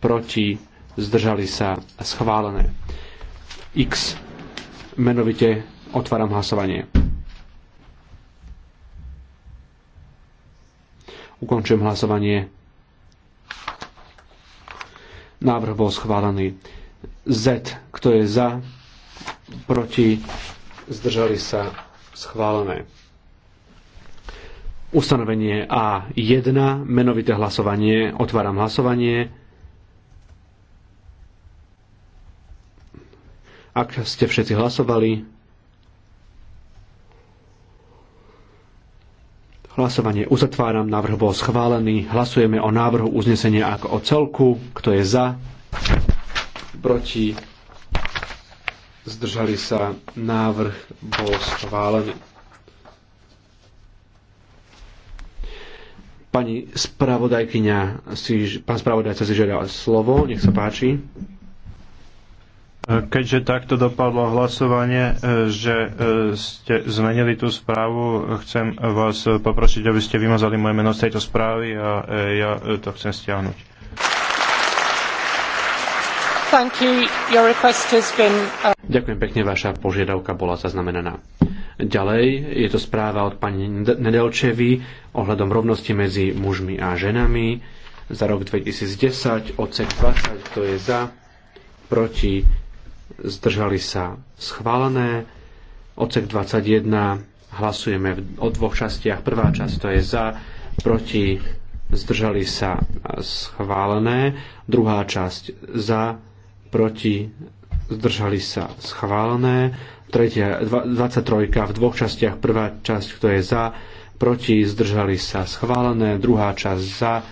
proti, zdržali sa schválené. X. Menovite otváram hlasovanie. Ukončujem hlasovanie. Návrh bol schválený. Z. Kto je za? Proti? Zdržali sa? Schválené. Ustanovenie A1. Menovité hlasovanie. Otváram hlasovanie. Ak ste všetci hlasovali, hlasovanie uzatváram, návrh bol schválený. Hlasujeme o návrhu uznesenia ako o celku. Kto je za? Proti? Zdržali sa. Návrh bol schválený. Pani spravodajkyňa, si, pán spravodajca si žiadal slovo, nech sa páči. Keďže takto dopadlo hlasovanie, e, že e, ste zmenili tú správu, chcem vás poprosiť, aby ste vymazali moje meno z tejto správy a e, ja to chcem stiahnuť. You. Been... Uh, Ďakujem pekne, vaša požiadavka bola zaznamenaná. Ďalej je to správa od pani Nedelčevy ohľadom rovnosti medzi mužmi a ženami za rok 2010, odsek 20, kto je za, proti, zdržali sa schválené. Ocek 21 hlasujeme o dvoch častiach. Prvá časť to je za, proti, zdržali sa schválené. Druhá časť za, proti, zdržali sa schválené. Tretia, 23 v dvoch častiach. Prvá časť, to je za, proti, zdržali sa schválené. Druhá časť za,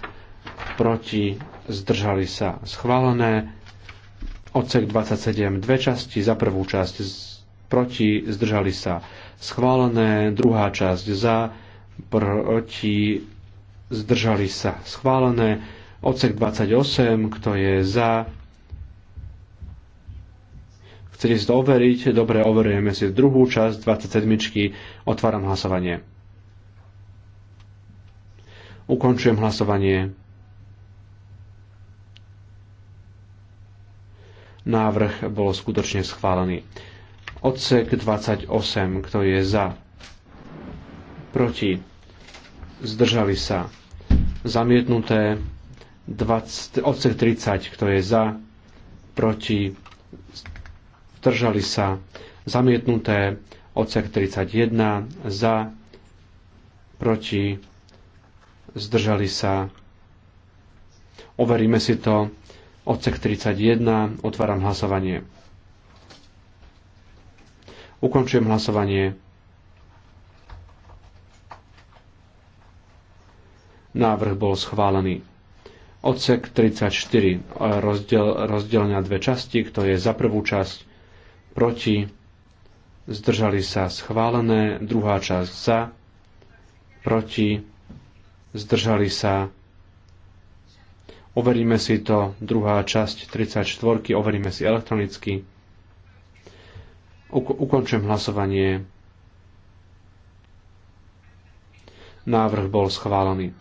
proti, zdržali sa schválené. Odsek 27, dve časti, za prvú časť proti, zdržali sa schválené, druhá časť za, proti, zdržali sa schválené, odsek 28, kto je za, chcete si to overiť, dobre, overujeme si druhú časť 27, otváram hlasovanie. Ukončujem hlasovanie. Návrh bol skutočne schválený. Odsek 28, kto je za? Proti? Zdržali sa? Zamietnuté 20, odsek 30, kto je za? Proti? Zdržali sa? Zamietnuté odsek 31, za? Proti? Zdržali sa? Overíme si to Odsek 31. Otváram hlasovanie. Ukončujem hlasovanie. Návrh bol schválený. Odsek 34. Rozdiel, rozdiel na dve časti, kto je za prvú časť proti, zdržali sa schválené, druhá časť za, proti, zdržali sa Overíme si to, druhá časť 34, overíme si elektronicky. Ukončujem hlasovanie. Návrh bol schválený.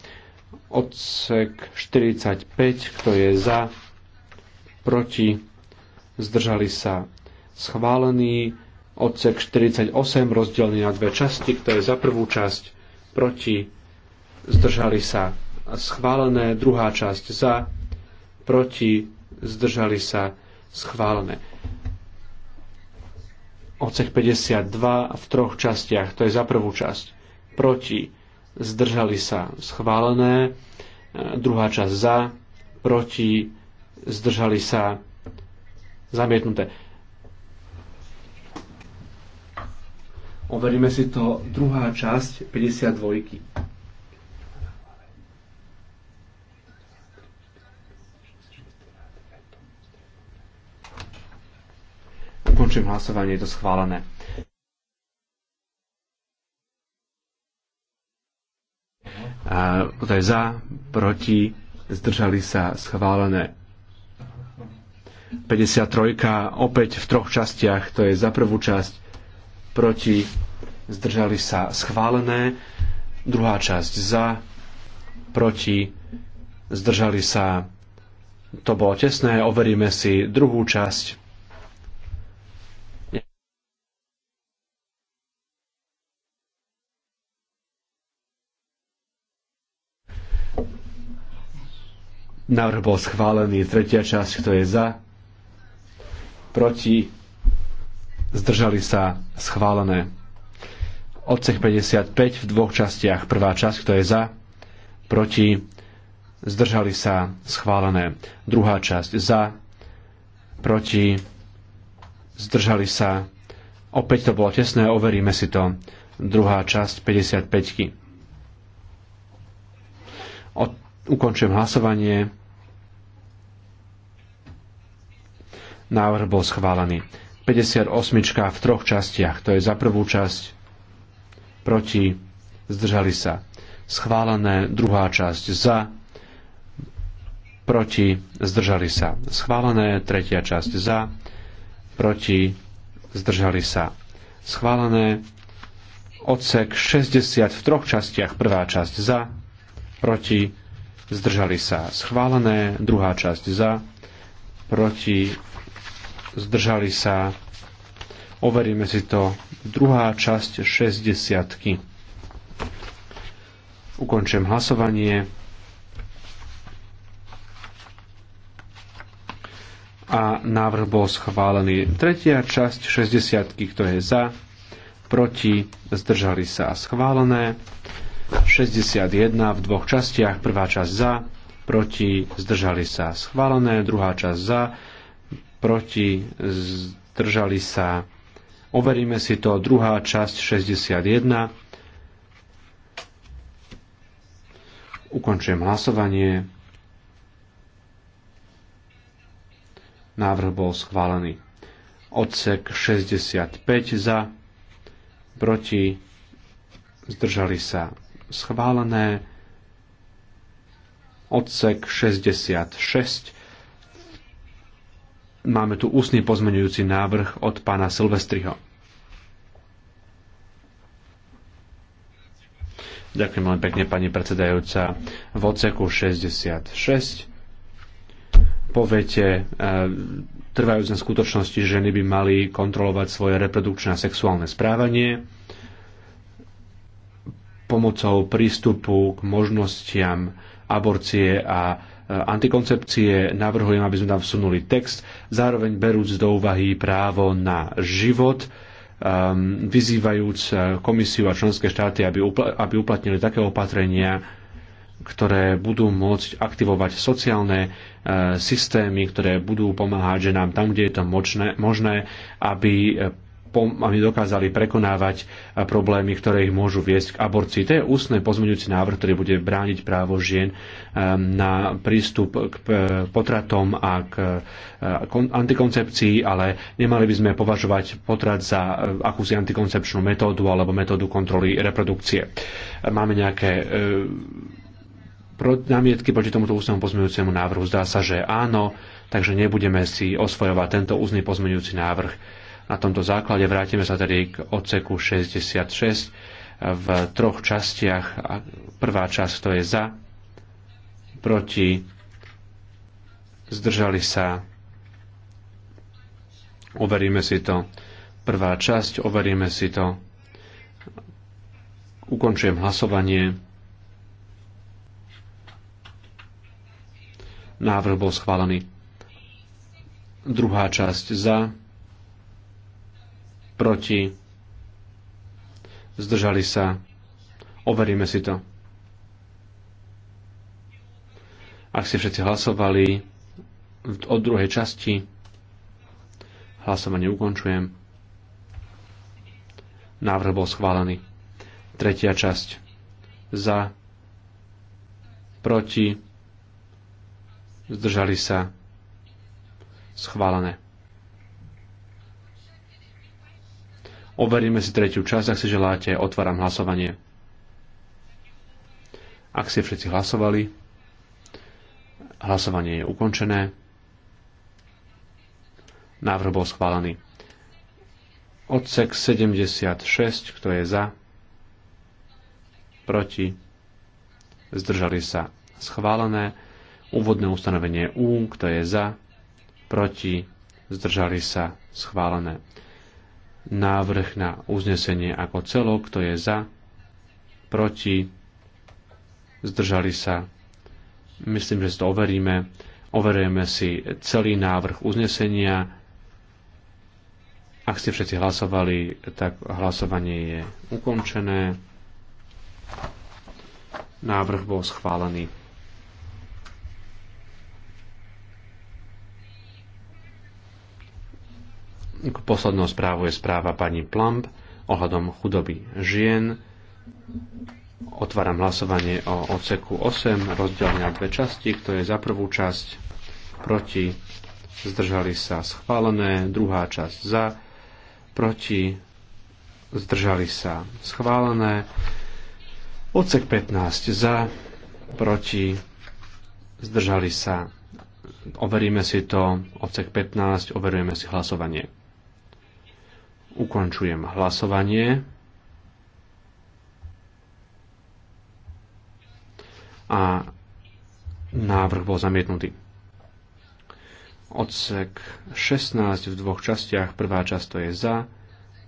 Odsek 45, kto je za, proti, zdržali sa. Schválený odsek 48, rozdelený na dve časti, kto je za prvú časť, proti, zdržali sa schválené druhá časť za, proti, zdržali sa, schválené. Odsek 52 v troch častiach, to je za prvú časť, proti, zdržali sa, schválené, druhá časť za, proti, zdržali sa, zamietnuté. Overíme si to druhá časť 52. Ukončím hlasovanie, je to schválené. A to je za, proti, zdržali sa schválené. 53. opäť v troch častiach, to je za prvú časť, proti, zdržali sa schválené. Druhá časť za, proti, zdržali sa. To bolo tesné, overíme si druhú časť. Návrh bol schválený. Tretia časť, kto je za? Proti? Zdržali sa schválené. Odsek 55 v dvoch častiach. Prvá časť, kto je za? Proti? Zdržali sa schválené. Druhá časť za? Proti? Zdržali sa. Opäť to bolo tesné, overíme si to. Druhá časť 55. Od... Ukončujem hlasovanie. Návrh bol schválený. 58 v troch častiach. To je za prvú časť proti, zdržali sa. Schválené druhá časť za, proti, zdržali sa. Schválené tretia časť za, proti, zdržali sa. Schválené odsek 60 v troch častiach. Prvá časť za, proti, zdržali sa. Schválené druhá časť za, proti, zdržali sa, overíme si to, druhá časť 60. Ukončím Ukončujem hlasovanie. A návrh bol schválený. Tretia časť 60. Kto je za? Proti? Zdržali sa schválené. 61 v dvoch častiach. Prvá časť za, proti, zdržali sa schválené. Druhá časť za, proti, zdržali sa. Overíme si to, druhá časť 61. Ukončujem hlasovanie. Návrh bol schválený. Odsek 65 za, proti, zdržali sa schválené. Odsek 66 Máme tu ústny pozmenujúci návrh od pána Silvestriho. Ďakujem veľmi pekne, pani predsedajúca. V oceku 66 poviete, e, trvajúc na skutočnosti, že ženy by mali kontrolovať svoje reprodukčné a sexuálne správanie pomocou prístupu k možnostiam aborcie a antikoncepcie. Navrhujem, aby sme tam vsunuli text, zároveň berúc do úvahy právo na život, um, vyzývajúc uh, komisiu a členské štáty, aby, upl- aby uplatnili také opatrenia, ktoré budú môcť aktivovať sociálne e, systémy, ktoré budú pomáhať nám tam, kde je to možné, možné aby uh, aby dokázali prekonávať eh, problémy, ktoré ich môžu viesť k aborcii. To je ústne pozmeňujúci návrh, ktorý bude brániť právo žien ehm, na prístup k eh, potratom a k eh, antikoncepcii, ale nemali by sme považovať potrat za akúsi antikoncepčnú metódu alebo metódu kontroly reprodukcie. Máme nejaké námietky proti tomuto ústnemu pozmeňujúcemu návrhu. Zdá sa, že áno, takže nebudeme si osvojovať tento ústny pozmeňujúci návrh na tomto základe vrátime sa tedy k odseku 66 v troch častiach. Prvá časť to je za, proti, zdržali sa. Overíme si to. Prvá časť, overíme si to. Ukončujem hlasovanie. Návrh bol schválený. Druhá časť za, proti, zdržali sa, overíme si to. Ak ste všetci hlasovali od druhej časti, hlasovanie ukončujem. Návrh bol schválený. Tretia časť. Za, proti, zdržali sa, schválené. Overíme si tretiu časť, ak si želáte, otváram hlasovanie. Ak ste všetci hlasovali, hlasovanie je ukončené. Návrh bol schválený. Odsek 76, kto je za, proti, zdržali sa schválené. Úvodné ustanovenie U, kto je za, proti, zdržali sa schválené návrh na uznesenie ako celok, kto je za, proti, zdržali sa. Myslím, že si to overíme. Overujeme si celý návrh uznesenia. Ak ste všetci hlasovali, tak hlasovanie je ukončené. Návrh bol schválený. Poslednou správou je správa pani Plump ohľadom chudoby žien. Otváram hlasovanie o odseku 8, rozdielne na dve časti, kto je za prvú časť proti, zdržali sa schválené, druhá časť za, proti, zdržali sa schválené, odsek 15 za, proti, zdržali sa. Overíme si to, odsek 15, overujeme si hlasovanie. Ukončujem hlasovanie. A návrh bol zamietnutý. Odsek 16 v dvoch častiach. Prvá časť to je za,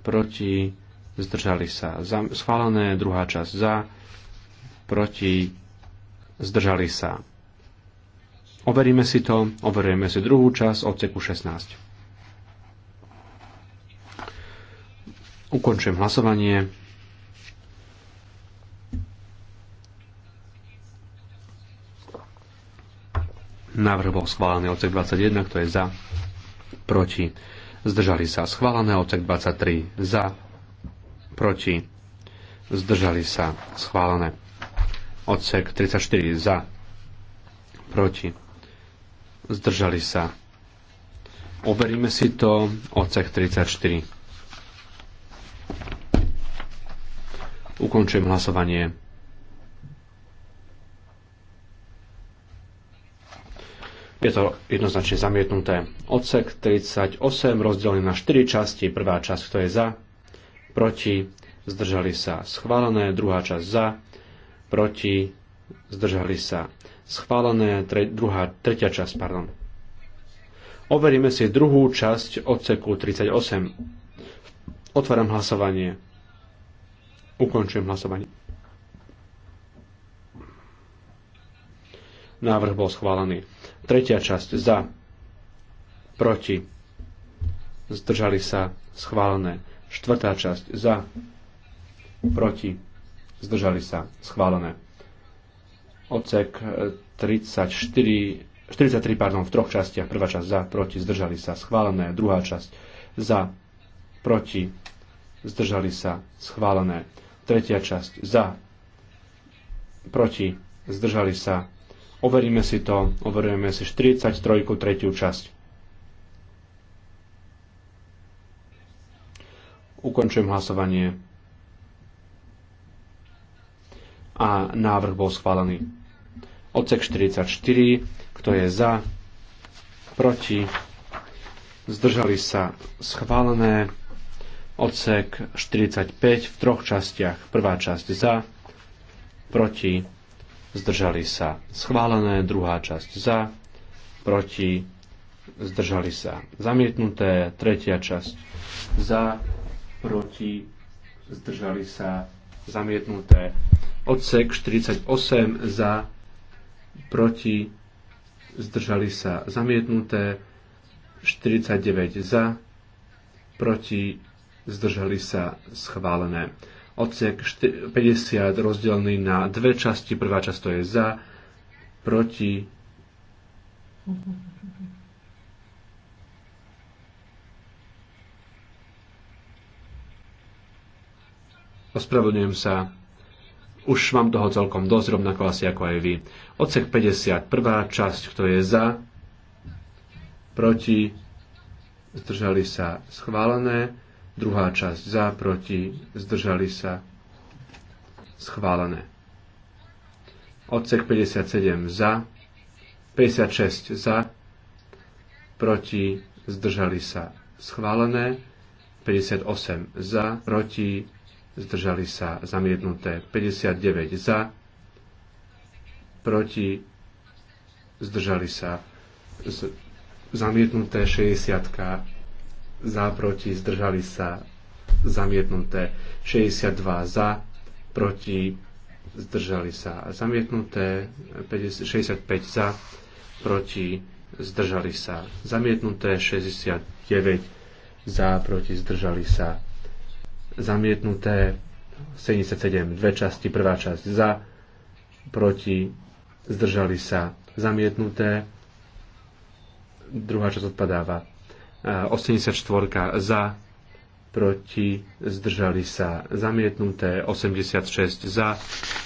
proti, zdržali sa. schválené, druhá časť za, proti, zdržali sa. Overíme si to, overujeme si druhú časť odseku 16. Ukončujem hlasovanie. Návrh bol schválený odsek 21, kto je za, proti. Zdržali sa schválené odsek 23, za, proti. Zdržali sa schválené. Odsek 34, za, proti. Zdržali sa. Overíme si to. Odsek 34. Ukončujem hlasovanie. Je to jednoznačne zamietnuté. Odsek 38 rozdelený na 4 časti. Prvá časť, kto je za, proti, zdržali sa schválené. Druhá časť za, proti, zdržali sa schválené. Tre, druhá, tretia časť, pardon. Overíme si druhú časť odseku 38. Otváram hlasovanie. Ukončujem hlasovanie. Návrh bol schválený. Tretia časť za, proti, zdržali sa, schválené. Štvrtá časť za, proti, zdržali sa, schválené. Ocek 34, 43 pardon, v troch častiach. Prvá časť za, proti, zdržali sa, schválené. Druhá časť za, proti, zdržali sa, schválené. Tretia časť, za, proti, zdržali sa. Overíme si to, overujeme si 43. tretiu časť. Ukončujem hlasovanie. A návrh bol schválený. Odsek 44. Kto je za? Proti? Zdržali sa schválené odsek 45 v troch častiach. Prvá časť za, proti, zdržali sa. Schválené, druhá časť za, proti, zdržali sa. Zamietnuté, tretia časť za, proti, zdržali sa. Zamietnuté, odsek 48 za, proti, zdržali sa zamietnuté, 49 za, proti, zdržali sa schválené. Odsek 50 rozdelený na dve časti. Prvá časť to je za, proti. Ospravedlňujem sa. Už mám toho celkom dosť, rovnako asi ako aj vy. Odsek 50, prvá časť, kto je za, proti, zdržali sa schválené. Druhá časť za, proti, zdržali sa, schválené. Odsek 57 za, 56 za, proti, zdržali sa, schválené. 58 za, proti, zdržali sa, zamietnuté. 59 za, proti, zdržali sa, z, zamietnuté 60 za, proti, zdržali sa, zamietnuté. 62 za, proti, zdržali sa, zamietnuté. 65 za, proti, zdržali sa, zamietnuté. 69 za, proti, zdržali sa, zamietnuté. 77, dve časti, prvá časť za, proti, zdržali sa, zamietnuté, druhá časť odpadáva. 84 za, proti, zdržali sa zamietnuté, 86 za,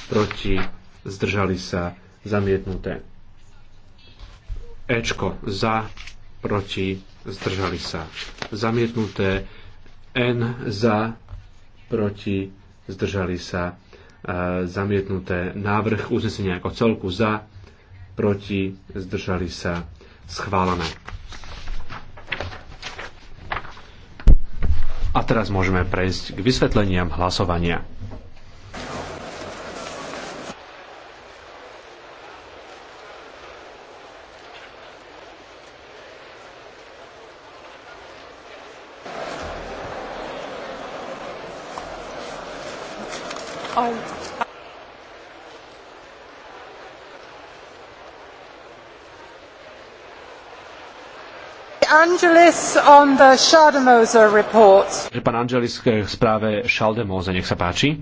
proti, zdržali sa zamietnuté. Ečko za, proti, zdržali sa zamietnuté, N za, proti, zdržali sa e, zamietnuté, návrh uznesenia ako celku za, proti, zdržali sa schválené. A teraz môžeme prejsť k vysvetleniam hlasovania. Angelis on the Schademoser report. Pán Angelis k eh, správe Schaldemose, nech sa páči.